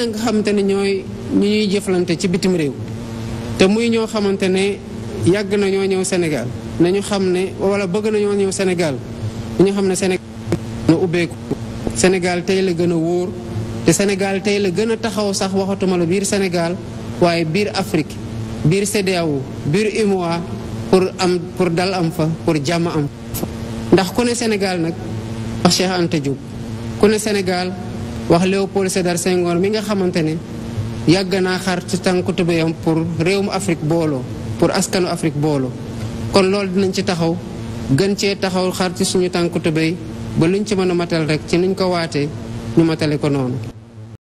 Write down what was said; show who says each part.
Speaker 1: na nga xamante ne ñooy ñu ñuy jëflante ci bitim réew te muy ñoo xamante ne yàgg na ñoo ñëw Sénégal nañu xam ne wala bëgg nañoo ñëw Sénégal ñu xam ne Sénégal na ubbeeku Sénégal tey la gën a wóor te senegal tey la gën a taxaw sax waxatuma la biir senegal waaye biir Afrique biir CEDEAO biir UEMOA pour am pour dal am fa pour jàmm am ndax ku ne Sénégal nag wax Cheikh Anta ku ne Sénégal wax Léopold Sédar Senghor mi nga xamante ne yàgg naa xar ci tànku tubéyam pour réew mu Afrique booloo pour askanu Afrique booloo kon loolu dinañ ci taxaw gën cee taxaw xar ci suñu tànku tubéy ba luñ ci mën a matal rek ci niñ ko waatee ñu matale ko noonu.